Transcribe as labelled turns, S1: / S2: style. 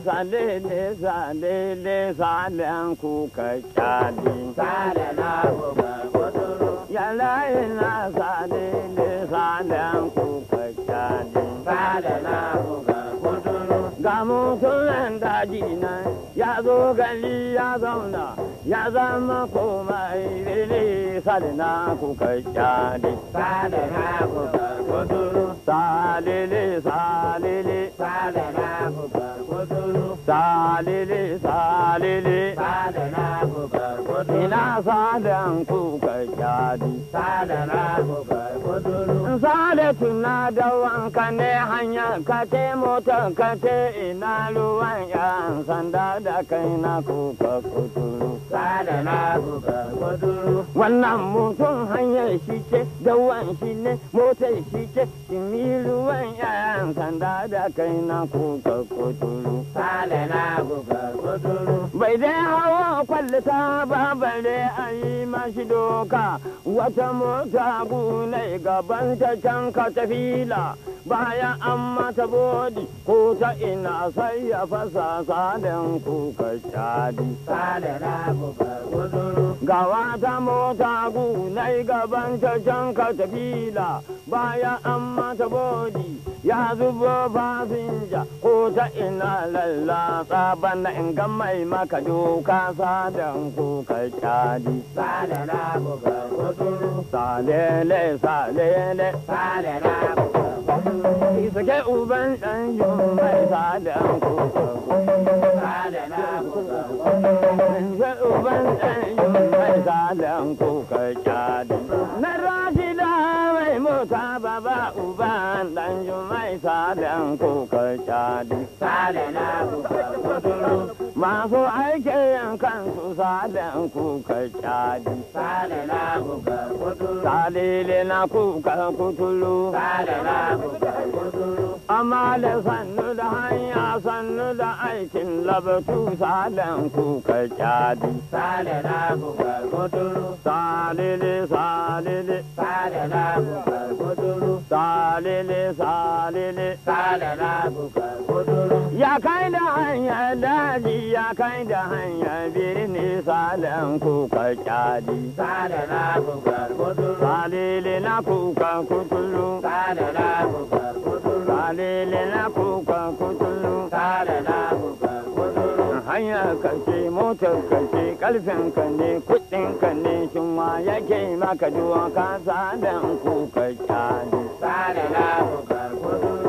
S1: salele salele salen kuka kyali Zale na kuka kuduru yala ina salele salen kuka kyali Zale na kuka kuduru ga mutumin daji na ya zo gani ya zauna ya zama komai bele sale na kuka kyali sale na kuka kuduru salele salele sale na kuka salili salili sadana ku ina sadan ku ka jadi sadana ku Salatu na da wanka ne hanya ka te mota ka te ina luwan ya sanda da kai na kuka kuturu. Sada na kuka kuturu. Wannan mutum hanyar shi ce, dawan shi ne, mota shi ce, shimi luwan ya sanda da kai na kuka kuturu. Sada na kuka kuturu. Bai dai hawa kwallita ba bare a yi mashi doka wata mota gulai mai gaban ta can ka tafila bayan an mata bodi ko ta ina sai ya fasa salin kuka shadi. Gawa ta mota gunai gaban ta can ka tafila bayan an mata bodi ya zubo fasinja ko ta ina lallasa bana in ga mai maka doka sadan ko ka kyadi salala buga kuturu salele salele salala buga kuturu isake uban dan yun mai sadan ko ka salala buga kuturu isake uban dan yun mai sadan ko baba uba dan jumai salen kuka kyali salen kuka kuduru masu aikin kansu salen kuka kyali salen kuka kuduru salile na kuka kuduru salen kuka kuduru amma da sannu da hanya sannu da aikin labatu salen kuka sale salen kuka kuduru salile salile salen kuka salele salele salala bukar ya kai da hanyar daji ya kai da hanyar birni salen kuka kyali salala bukar salele na kuka kutulu salala bukar salele na kuka kutulu salala kance motar kance karfin ka ne kudin ka ne shin ma yake maka duwa ka sadan ku ka tsari tsari na ku